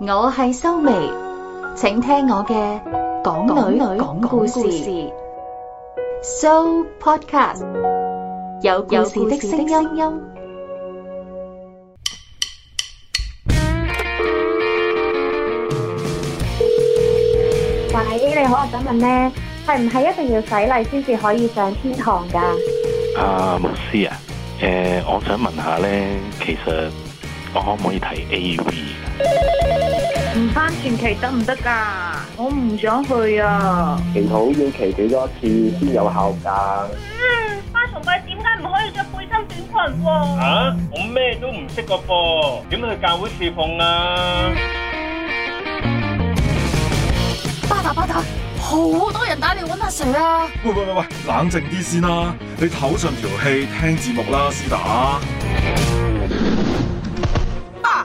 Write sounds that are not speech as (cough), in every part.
我係修眉，請聽我嘅港女講故事。So podcast 有故事的聲音。喂，你好，我想問咧，係唔係一定要洗禮先至可以上天堂噶？啊，牧師啊，誒，我想問下咧，其實我可唔可以睇 A V？唔翻前期得唔得噶？我唔想去啊！祈禱要祈禱幾多次先有效噶？嗯，花童妹點解唔可以着背心短裙喎？啊，我咩都唔識個噃，點去教會侍奉啊？巴打巴打，好，好多人打嚟搵阿 Sir 啊！喂喂喂喂，冷靜啲先啦，啊，你唞順條氣，聽節目啦絲打。大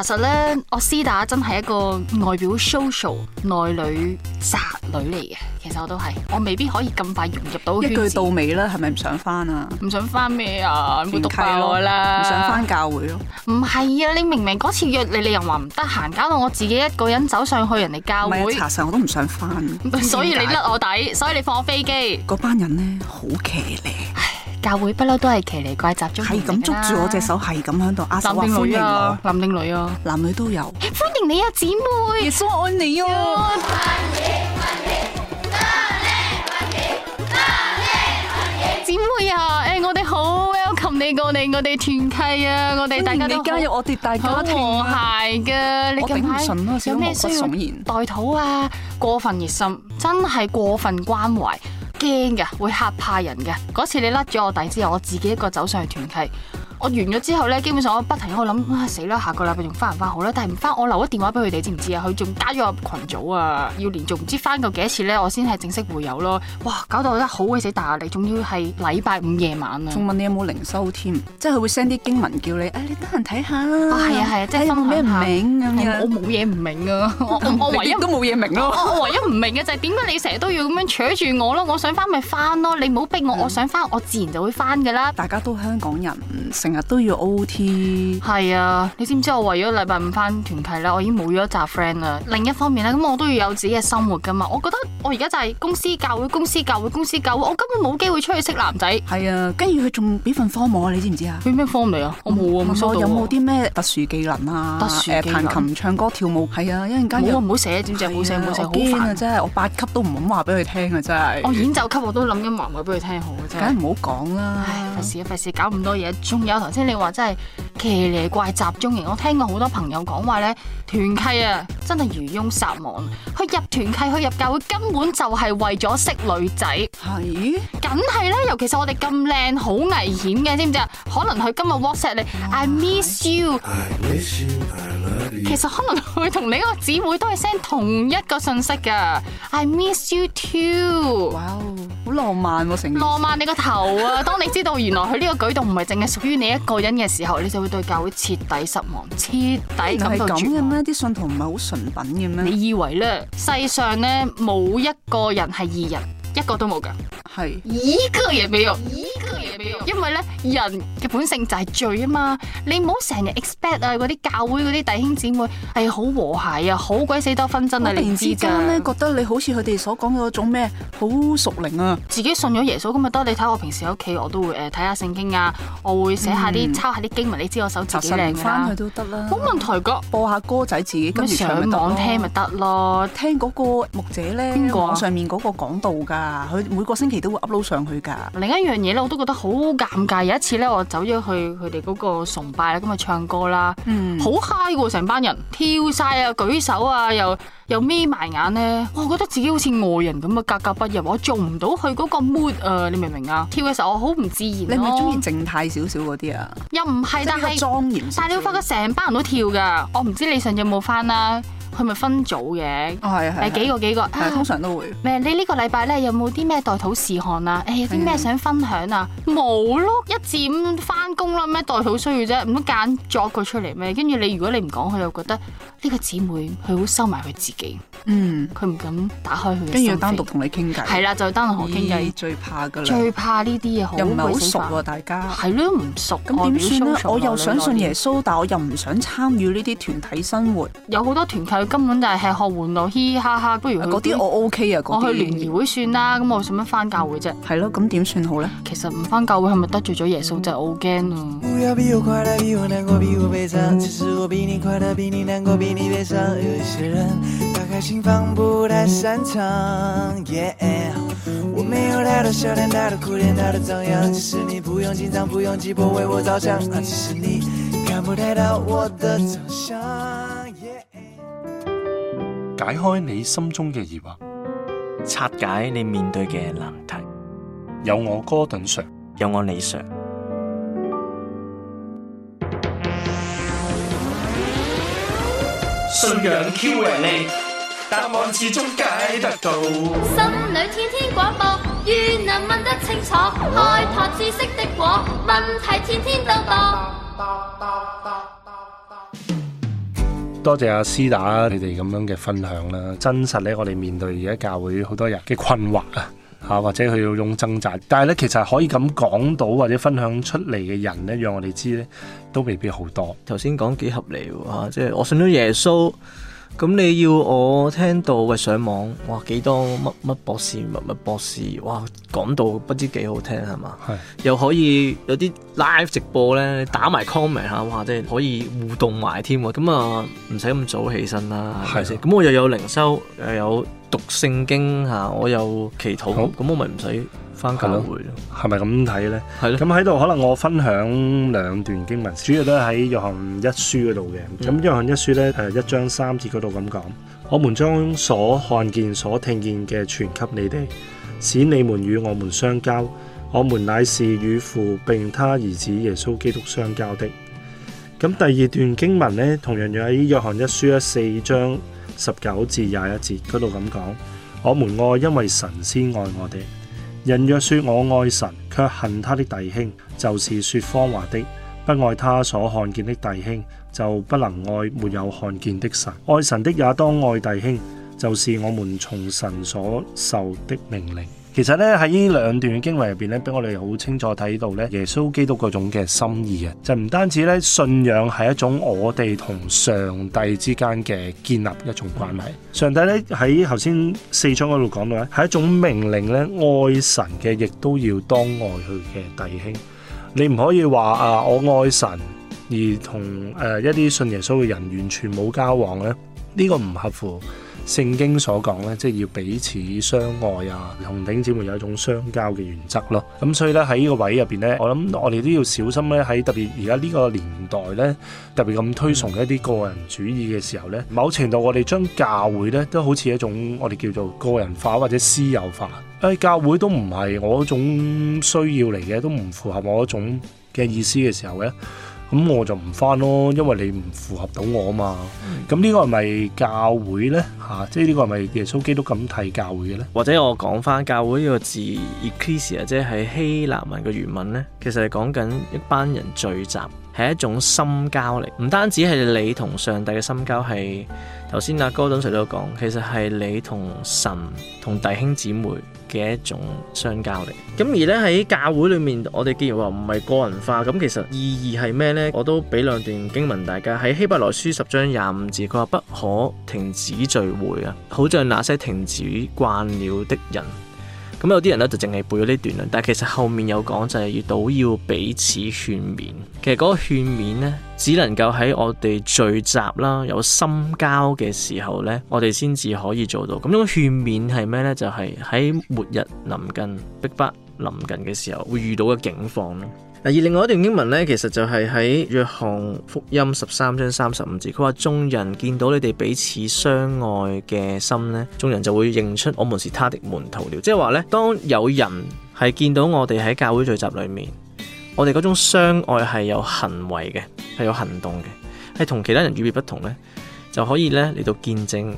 其實咧，我斯打真係一個外表 social、內裏宅女嚟嘅，其實我都係，我未必可以咁快融入到圈子。一句到尾啦，係咪唔想翻啊？唔想翻咩啊？你唔讀爆我啦？唔想翻教會咯？唔係啊，你明明嗰次約你，你又話唔得閒，搞到我自己一個人走上去人哋教會。唔係，查實我都唔想翻。所以你甩我底，所以你放我飛機。嗰班人咧，好騎呢。教會不嬲都係奇離怪集中嘅地方啦。係咁捉住我隻手，係咁喺度握手歡迎我。男定女啊，男女都有。歡迎你啊，姊妹！耶穌愛你啊！姊妹啊，誒，我哋好歡迎你過嚟，我哋團契啊，我哋大家你加入我哋大家和諧嘅。我頂唔順咯，有咩需要？代禱啊，過分熱心，真係過分關懷。驚噶，會嚇怕人嘅。嗰次你甩咗我底之後，我自己一個走上去團契。我完咗之後咧，基本上我不停喺度諗死啦，下個禮拜仲翻唔翻好咧？但係唔翻，我留咗電話俾佢哋，知唔知啊？佢仲加咗入羣組啊，要連續，仲唔知翻幾次咧，我先係正式會友咯。哇，搞到我得好鬼死大壓力，仲要係禮拜五夜晚啊！仲問你有冇靈修添，即係佢會 send 啲經文叫你，你得閒睇下啦。係啊係啊，即係有冇咩唔明咁樣？我冇嘢唔明啊，我我我唯一都冇嘢明咯。我唯一唔明嘅就係點解你成日都要咁樣扯住我咯？我想翻咪翻咯，你唔好逼我，我想翻我自然就會翻㗎啦。大家都香港人。成日都要 O T，係啊！你知唔知我為咗禮拜五返團契咧，我已經冇咗一紮 friend 啦。另一方面咧，咁我都要有自己嘅生活噶嘛。我覺得我而家就係公司教會，公司教會，公司教會，我根本冇機會出去識男仔。係啊，跟住佢仲俾份方啊，你知唔知啊？俾咩方你啊？我冇啊，我有冇啲咩特殊技能啊？特殊技能，彈琴、唱歌、跳舞。係啊，一陣間又唔好寫，隻字冇寫，冇寫，好煩啊！真係我八級都唔肯咁話俾佢聽啊！真係我演奏級我都諗緊話唔好俾佢聽好啊！梗係唔好講啦。唉，費事啊，費事搞咁多嘢，仲有。頭先你話真係奇呢怪集中型，我聽過好多朋友講話咧，團契啊，真係魚翁撒網，去入團契，去入教會根本就係為咗識女仔，係是，梗係啦，尤其是我哋咁靚，好危險嘅，知唔知啊？可能佢今日 WhatsApp 你、oh,，I miss you，, I miss you, I love you. 其實可能佢同你個姊妹都係 send 同一個信息嘅，I miss you too。Wow. 好浪漫喎，啊，成個浪漫你個頭啊！ (laughs) 當你知道原來佢呢個舉動唔係淨係屬於你一個人嘅時候，你就會對教會徹底失望，徹底感到絕望。係咁嘅咩？啲信徒唔係好純品嘅咩？你以為呢？世上呢，冇一個人係異人。一個都冇噶，係一個人俾我，一個人俾我，因為咧人嘅本性就係罪啊嘛，你唔好成日 expect 啊嗰啲教會嗰啲弟兄姊妹，係好和諧啊，好鬼死多紛爭啊，你之間咧覺得你好似佢哋所講嘅嗰種咩，好屬靈啊，自己信咗耶穌咁咪得？你睇我平時喺屋企，我都會誒睇下聖經啊，我會寫下啲抄下啲經文，你知我手字幾靚噶啦，翻去都得啦，冇問題噶，播下歌仔自己跟住上網聽咪得咯，聽嗰個牧者咧網上面嗰個講道噶。啊！佢每個星期都會 upload 上去㗎。另一樣嘢咧，我都覺得好尷尬。有一次咧，我走咗去佢哋嗰個崇拜咁啊唱歌啦，好 high 喎！成班人跳晒啊，舉手啊，又又眯埋眼咧。我覺得自己好似外人咁啊，格格不入。我做唔到佢嗰個 mood 啊！你明唔明啊？跳嘅時候我好唔自然啊。你咪中意靜態少少嗰啲啊？又唔係，但係莊嚴點點。但係你發覺成班人都跳㗎，我唔知你上次有冇翻啦。佢咪分組嘅，誒幾個幾個，通常都會。咩？你呢個禮拜咧有冇啲咩待討事項啊？誒有啲咩想分享啊？冇咯，一陣翻工啦咩？待討需要啫，唔好揀作佢出嚟咩？跟住你如果你唔講，佢又覺得呢個姊妹佢好收埋佢自己。嗯，佢唔敢打開佢。跟住要單獨同你傾偈。係啦，就單獨同你傾偈最怕㗎啦。最怕呢啲嘢，好好熟喎，大家。係咯，唔熟。咁點算我又想信耶穌，但我又唔想參與呢啲團體生活。有好多團體。根本就係吃喝玩樂，嘻嘻哈哈，不如嗰啲、啊、我 OK 啊！我去聯誼會算啦，咁、嗯、我使乜翻教會啫？係咯，咁點算好咧？其實唔翻教會係咪得罪咗耶穌就好驚？我解開你心中嘅疑惑，拆解你面對嘅難題。有我 Gordon Sir，有我李 Sir。信仰 Q&A，答案始終解得到。心裏天天廣播，願能問得清楚，開拓知識的果，問題天天都多。噠噠噠噠噠噠噠多謝阿思打你哋咁樣嘅分享啦，真實咧，我哋面對而家教會好多人嘅困惑啊，吓或者佢要用掙扎，但係咧其實可以咁講到或者分享出嚟嘅人咧，讓我哋知咧都未必好多。頭先講幾合理吓，即、啊、係、就是、我信咗耶穌。咁你要我聽到，喂，上網哇，幾多乜乜博士乜乜博士哇，講到不知幾好聽係嘛？係是又可以有啲 live 直播咧，打埋 comment 吓、啊、哇，即係可以互動埋添咁啊，唔使咁早起身啦。係咪先，咁我又有靈修又有讀聖經吓、啊，我又祈禱，咁好我咪唔使。翻教會咯，係咪咁睇咧？係咧。咁喺度，可能我分享兩段經文，主要都喺約翰一書嗰度嘅。咁約翰一書咧，誒一章三節嗰度咁講，我們將所看見、所聽見嘅，傳給你哋，使你們與我們相交。我們乃是與父並他兒子耶穌基督相交的。咁第二段經文咧，同樣又喺約翰一書咧四章十九至廿一節嗰度咁講，我們愛，因為神先愛我哋。人若說我愛神，却恨他的弟兄，就是說謊話的；不愛他所看見的弟兄，就不能愛沒有看見的神。愛神的也當愛弟兄，就是我們從神所受的命令。其實咧喺呢兩段經文入邊咧，俾我哋好清楚睇到咧，耶穌基督嗰種嘅心意啊，就唔單止咧，信仰係一種我哋同上帝之間嘅建立一種關係。上帝咧喺頭先四章嗰度講到咧，係一種命令咧，愛神嘅，亦都要當愛佢嘅弟兄。你唔可以話啊，我愛神而同誒一啲信耶穌嘅人完全冇交往咧，呢、這個唔合乎，聖經所講咧，即係要彼此相愛啊，同弟兄姊妹有一種相交嘅原則咯。咁所以咧喺呢個位入邊咧，我諗我哋都要小心咧，喺特別而家呢個年代咧，特別咁推崇一啲個人主義嘅時候咧，某程度我哋將教會咧都好似一種我哋叫做個人化或者私有化。誒，教會都唔係我嗰種需要嚟嘅，都唔符合我嗰種嘅意思嘅時候咧。咁我就唔翻咯，因為你唔符合到我啊嘛。咁呢 (noise) 個係咪教會咧？嚇、啊，即係呢個係咪耶穌基督咁睇教會嘅咧？或者我講翻教會呢個字 Ecclesia，即係希臘文嘅原文咧，其實係講緊一班人聚集。係一種深交嚟，唔單止係你同上帝嘅深交，係頭先阿哥等 Sir 都講，其實係你同神同弟兄姊妹嘅一種相交嚟。咁而呢，喺教會裏面，我哋既然話唔係個人化，咁其實意義係咩呢？我都俾兩段經文大家，喺希伯來書十章廿五字，佢話不可停止聚會啊，好像那些停止慣了的人。咁有啲人咧就淨係背咗呢段啦，但其實後面有講就係遇到要彼此勸勉，其實嗰個勸勉呢，只能夠喺我哋聚集啦，有深交嘅時候咧，我哋先至可以做到。咁因為勸勉係咩呢？就係、是、喺末日臨近、逼迫臨近嘅時候，會遇到嘅境況。而另外一段英文呢，其實就係喺約翰福音十三章三十五字，佢話眾人見到你哋彼此相愛嘅心呢，眾人就會認出我們是他的門徒了。即係話呢，當有人係見到我哋喺教會聚集裏面，我哋嗰種相愛係有行為嘅，係有行動嘅，係同其他人與別不同呢，就可以呢嚟，到見證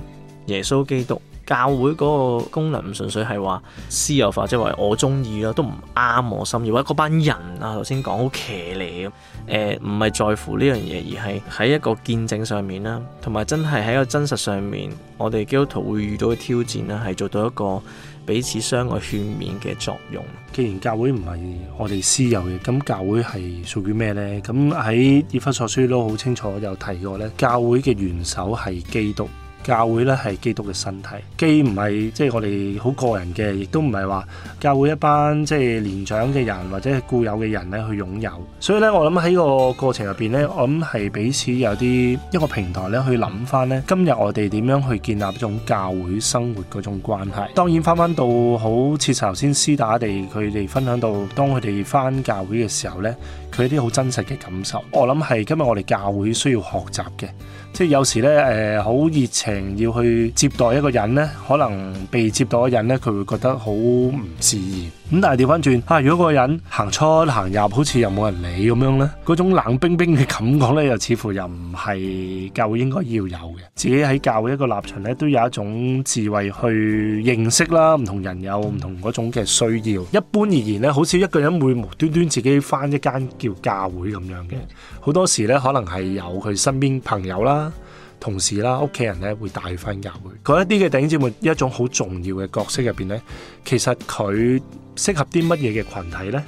耶穌基督。教會嗰個功能唔純粹係話私有化，即係話我中意咯，都唔啱我心意。或者嗰班人啊，頭先講好騎呢，誒唔係在乎呢樣嘢，而係喺一個見證上面啦，同埋真係喺一個真實上面，我哋基督徒會遇到嘅挑戰啦，係做到一個彼此相愛勸勉嘅作用。既然教會唔係我哋私有嘅，咁教會係屬於咩呢？咁喺以弗所書都好清楚有提過呢，教會嘅元首係基督。教會咧係基督嘅身體，既唔係即係我哋好個人嘅，亦都唔係話教會一班即係年長嘅人或者固有嘅人咧去擁有。所以咧，我諗喺個過程入邊咧，我諗係彼此有啲一,一個平台咧去諗返咧，今日我哋點樣去建立一種教會生活嗰種關係。當然返返到好似頭先施打地佢哋分享到，當佢哋返教會嘅時候咧，佢哋啲好真實嘅感受，我諗係今日我哋教會需要學習嘅。即係有時呢，呃好熱情要去接待一個人呢，可能被接待嘅人呢，佢會覺得好唔自然。咁但係調翻轉啊！如果個人行出行入，好似又冇人理咁樣呢，嗰種冷冰冰嘅感覺呢，又似乎又唔係教會應該要有嘅。自己喺教會一個立場呢，都有一種智慧去認識啦，唔同人有唔同嗰種嘅需要。一般而言呢，好少一個人會無端端自己翻一間叫教會咁樣嘅。好多時呢，可能係有佢身邊朋友啦、同事啦、屋企人呢，會帶翻教會。嗰一啲嘅弟兄姊妹，一種好重要嘅角色入邊呢，其實佢。適合啲乜嘢嘅群體呢？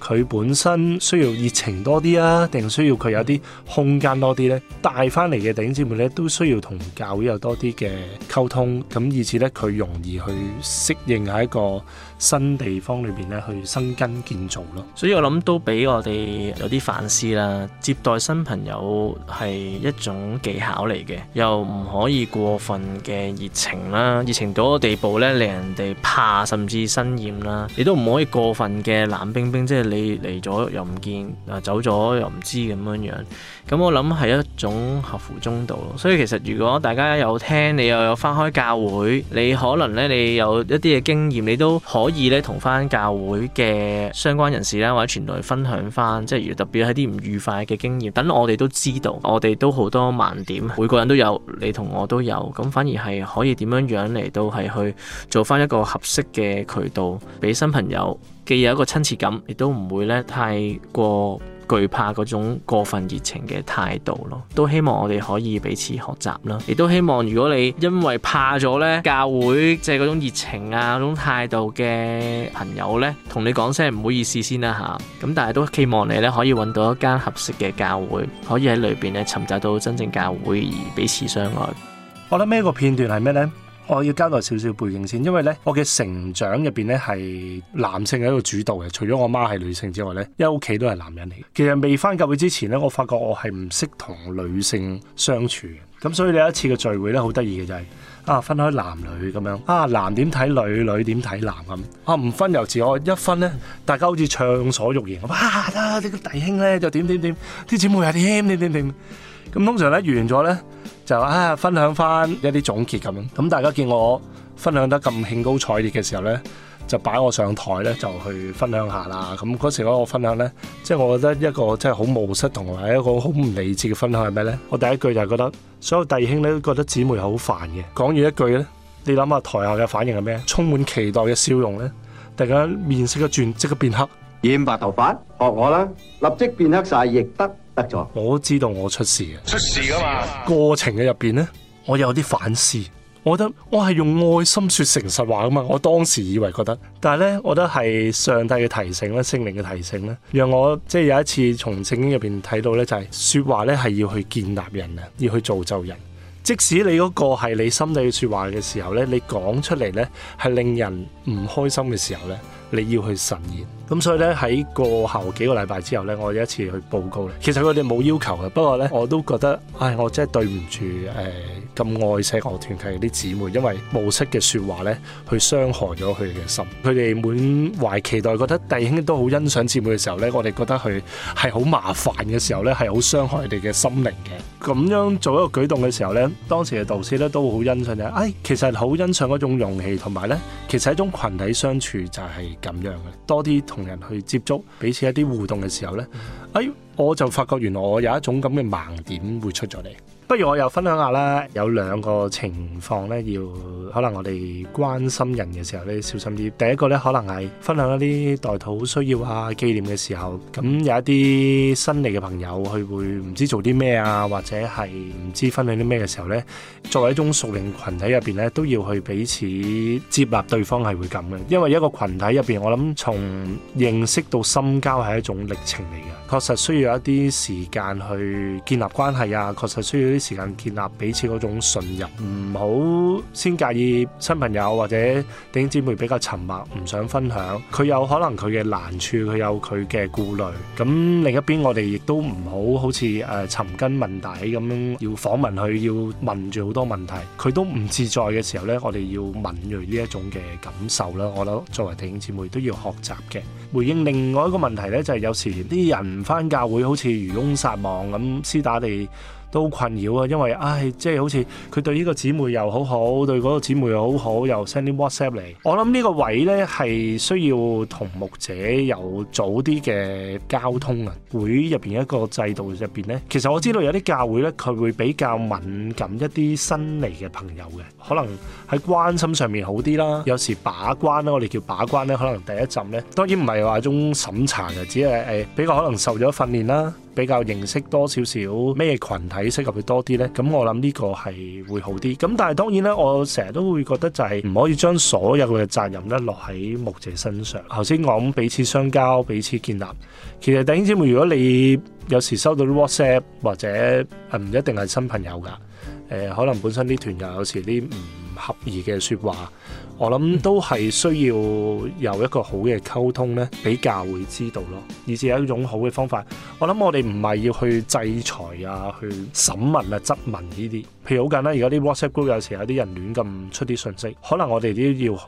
佢本身需要熱情多啲啊，定需要佢有啲空間多啲呢？帶翻嚟嘅弟兄姊妹呢，都需要同教會有多啲嘅溝通，咁以至呢，佢容易去適應下一,一個。新地方裏邊咧去生根建造咯，所以我諗都俾我哋有啲反思啦。接待新朋友係一種技巧嚟嘅，又唔可以過分嘅熱情啦，熱情到個地步咧令人哋怕甚至生厭啦。你都唔可以過分嘅冷冰冰，即係你嚟咗又唔見，啊走咗又唔知咁樣樣。咁我諗係一種合乎中道咯。所以其實如果大家有聽你又有翻開教會，你可能咧你有一啲嘅經驗，你都可以。而咧同翻教會嘅相關人士咧或者傳道分享翻，即係特別係啲唔愉快嘅經驗，等我哋都知道，我哋都好多盲點，每個人都有，你同我都有，咁反而係可以點樣樣嚟到係去做翻一個合適嘅渠道，俾新朋友既有一個親切感，亦都唔會咧太過。懼怕嗰種過分熱情嘅態度咯，都希望我哋可以彼此學習啦，亦都希望如果你因為怕咗呢教會即係嗰種熱情啊，嗰種態度嘅朋友呢，同你講聲唔好意思先啦吓，咁但係都希望你呢，可以揾到一間合適嘅教會，可以喺裏邊呢尋找到真正教會而彼此相愛。我覺得咩個片段係咩呢？我要交代少少背景先，因為咧我嘅成長入邊咧係男性係一個主導嘅，除咗我媽係女性之外咧，一屋企都係男人嚟。其實未返教會之前咧，我發覺我係唔識同女性相處嘅，咁所以你有一次嘅聚會咧，好得意嘅就係、是、啊分開男女咁樣，啊男點睇女，女點睇男咁，啊唔分由自我一分咧，大家好似暢所欲言，哇啦啲弟兄咧就點點點，啲姊妹又點點點，咁通常咧完咗咧。就啊，分享翻一啲總結咁樣，咁大家見我分享得咁興高采烈嘅時候呢，就擺我上台呢，就去分享下啦。咁嗰時我分享呢，即係我覺得一個真係好冒失同埋一個好唔理智嘅分享係咩呢？我第一句就係覺得所有弟兄呢都覺得姊妹好煩嘅，講完一句呢，你諗下台下嘅反應係咩？充滿期待嘅笑容呢，突然間面色一轉，即刻變黑，染白頭髮，學我啦，立即變黑晒亦得。我知道我出事嘅，出事㗎嘛。過程嘅入邊呢，我有啲反思。我覺得我係用愛心說誠實話㗎嘛。我當時以為覺得，但係呢，我覺得係上帝嘅提醒啦，聖靈嘅提醒啦，讓我即係、就是、有一次從聖經入邊睇到呢，就係、是、說話呢係要去建立人啊，要去造就人。即使你嗰個係你心底嘅說話嘅時候呢，你講出嚟呢係令人唔開心嘅時候呢，你要去慎言。咁所以咧喺過後幾個禮拜之後咧，我有一次去報告咧。其實佢哋冇要求嘅，不過咧我都覺得，唉，我真係對唔住誒咁愛惜我團體嗰啲姊妹，因為無色嘅説話咧，去傷害咗佢哋嘅心。佢哋滿懷期待，覺得弟兄都好欣賞姊妹嘅時候咧，我哋覺得佢係好麻煩嘅時候咧，係好傷害佢哋嘅心靈嘅。咁樣做一個舉動嘅時候咧，當時嘅導師咧都好欣賞嘅。唉、哎，其實好欣賞嗰種勇氣，同埋咧，其實一種群體相處就係咁樣嘅。多啲同。同人去接觸彼此一啲互動嘅時候咧，嗯、哎，我就發覺原來我有一種咁嘅盲點會出咗嚟。不如我又分享下啦，有兩個情況咧，要可能我哋關心人嘅時候咧，小心啲。第一個咧，可能係分享一啲代禱需要啊、紀念嘅時候，咁有一啲新嚟嘅朋友，佢會唔知做啲咩啊，或者係唔知分享啲咩嘅時候咧，作為一種熟練羣體入邊咧，都要去彼此接納對方係會咁嘅，因為一個羣體入邊，我諗從認識到深交係一種歷程嚟嘅，確實需要一啲時間去建立關係啊，確實需要。時間建立彼此嗰種信任，唔好先介意新朋友或者弟兄姊妹比較沉默，唔想分享。佢有可能佢嘅難處，佢有佢嘅顧慮。咁另一邊，我哋亦都唔好好似誒尋根問底咁樣，要訪問佢，要問住好多問題，佢都唔自在嘅時候呢，我哋要敏鋭呢一種嘅感受啦。我諗作為弟兄姊妹都要學習嘅。回應另外一個問題呢，就係、是、有時啲人返教會好似漁翁撒網咁，撕打地。都困擾啊，因為唉，即、哎、係、就是、好似佢對呢個姊妹又好好，對嗰個姊妹又好好，又 send 啲 WhatsApp 嚟。我諗呢個位呢，係需要同牧者有早啲嘅交通啊。會入邊一個制度入邊呢，其實我知道有啲教會呢，佢會比較敏感一啲新嚟嘅朋友嘅，可能喺關心上面好啲啦。有時把關啦，我哋叫把關呢，可能第一陣呢，當然唔係話一種審查嘅，只係誒、哎、比較可能受咗訓練啦。比較認識多少少咩群體適合佢多啲呢？咁我諗呢個係會好啲。咁但係當然啦，我成日都會覺得就係唔可以將所有嘅責任咧落喺牧者身上。頭先我諗彼此相交、彼此建立，其實弟兄姊妹，如果你有時收到 WhatsApp 或者誒唔一定係新朋友噶，誒、呃、可能本身啲團友有時啲唔合意嘅説話，我諗都係需要有一個好嘅溝通呢，俾教會知道咯，而且有一種好嘅方法。我諗我哋唔係要去制裁啊，去審問啊、質問呢啲。譬如好簡單，而家啲 WhatsApp group 有時有啲人亂咁出啲信息，可能我哋都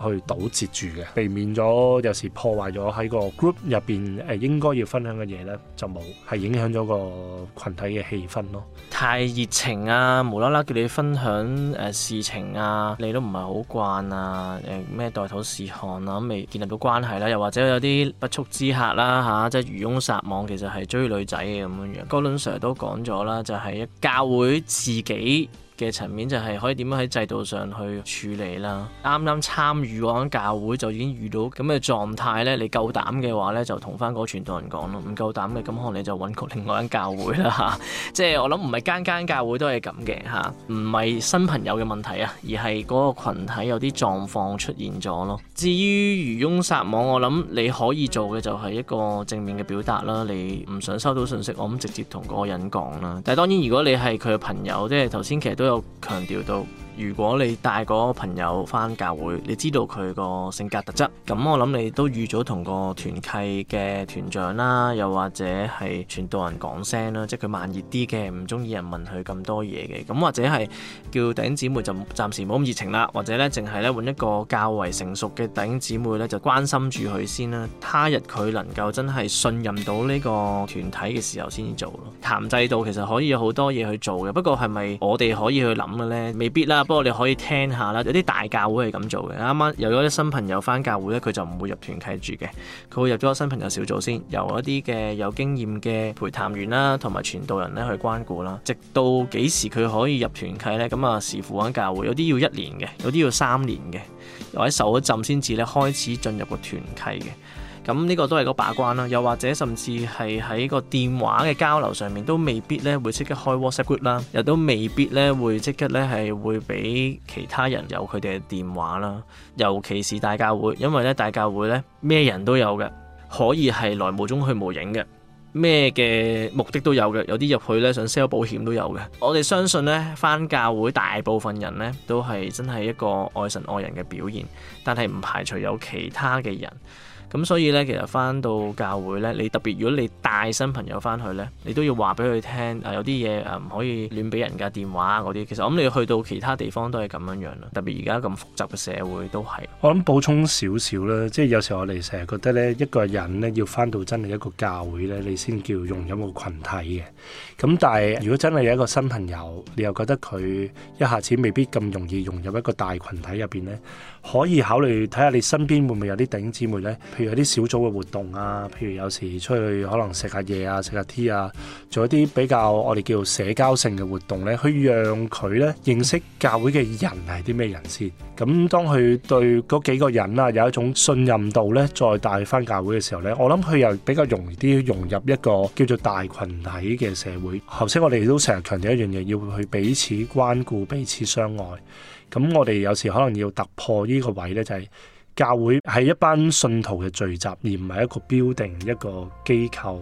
要去堵截住嘅，避免咗有時破壞咗喺個 group 入邊誒應該要分享嘅嘢咧，就冇係影響咗個群體嘅氣氛咯。太熱情啊，無啦啦叫你分享誒事情啊，你都唔係好慣啊誒咩代討事項啊，未建立到關係啦、啊，又或者有啲不速之客啦、啊、嚇、啊，即係漁翁撒網，其實係追女仔嘅咁樣樣。高倫 sir 都講咗啦，就係、是、教會自己嘅層面就係可以點樣喺制度上去處理啦。啱啱參與嗰間教會就已經遇到咁嘅狀態咧，你夠膽嘅話呢就同翻嗰傳道人講咯，唔夠膽嘅咁可能你就揾個另外間教會啦嚇。 (laughs) 即係我諗唔係間間教會都係咁嘅嚇，唔係新朋友嘅問題啊，而係嗰個羣體有啲狀況出現咗咯。至於漁翁撒網，我諗你可以做嘅就係一個正面嘅表達啦。你唔想收到信息，我諗直接同嗰個人講啦。但係當然如果你係佢嘅朋友，即係頭先其實都。都有強調到。如果你帶個朋友翻教會，你知道佢個性格特質，咁我諗你都預咗同個團契嘅團長啦，又或者係傳道人講聲啦，即係佢慢熱啲嘅，唔中意人問佢咁多嘢嘅，咁或者係叫弟兄姊妹就暫時冇咁熱情啦，或者咧淨係咧揾一個較為成熟嘅弟兄姊妹咧就關心住佢先啦，他日佢能夠真係信任到呢個團體嘅時候先至做咯。談制度其實可以有好多嘢去做嘅，不過係咪我哋可以去諗嘅呢？未必啦。不過你可以聽下啦，有啲大教會係咁做嘅。啱啱有咗啲新朋友返教會咧，佢就唔會入團契住嘅，佢會入咗新朋友小組先，由一啲嘅有經驗嘅陪談員啦，同埋傳道人咧去關顧啦，直到幾時佢可以入團契呢？咁啊視乎響教會，有啲要一年嘅，有啲要三年嘅，或喺受咗浸先至咧開始進入個團契嘅。咁呢個都係個把關啦，又或者甚至係喺個電話嘅交流上面都未必咧會即刻開 WhatsApp group 啦，又都未必咧會即刻咧係會俾其他人有佢哋嘅電話啦。尤其是大教會，因為咧大教會咧咩人都有嘅，可以係來無中去無影嘅，咩嘅目的都有嘅。有啲入去咧想 sell 保險都有嘅。我哋相信咧，返教會大部分人咧都係真係一個愛神愛人嘅表現，但係唔排除有其他嘅人。咁所以咧，其實翻到教會咧，你特別如果你帶新朋友翻去咧，你都要話俾佢聽，誒、啊、有啲嘢誒唔可以亂俾人家電話嗰啲。其實我諗你去到其他地方都係咁樣樣啦，特別而家咁複雜嘅社會都係。我諗補充少少啦。即係有時候我哋成日覺得咧，一個人咧要翻到真係一個教會咧，你先叫融入個群體嘅。咁但係如果真係有一個新朋友，你又覺得佢一下子未必咁容易融入一個大群體入邊咧？可以考慮睇下你身邊會唔會有啲弟兄姊妹呢？譬如有啲小組嘅活動啊，譬如有時出去可能食下嘢啊、食下 tea 啊，做一啲比較我哋叫做社交性嘅活動呢，去讓佢呢認識教會嘅人係啲咩人先。咁當佢對嗰幾個人啊有一種信任度呢，再帶翻教會嘅時候呢，我諗佢又比較容易啲融入一個叫做大群體嘅社會。頭先我哋都成日強調一樣嘢，要去彼此關顧、彼此相愛。咁我哋有時可能要突破呢個位呢，就係、是、教會係一班信徒嘅聚集，而唔係一個標定一個機構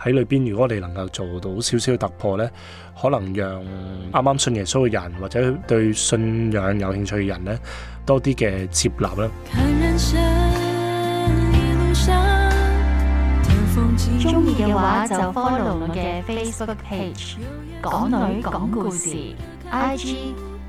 喺裏邊。如果我哋能夠做到少少突破呢，可能讓啱啱信耶穌嘅人或者對信仰有興趣嘅人呢，多啲嘅接納啦。中意嘅話就 follow 我嘅 Facebook page，港女講故事，IG。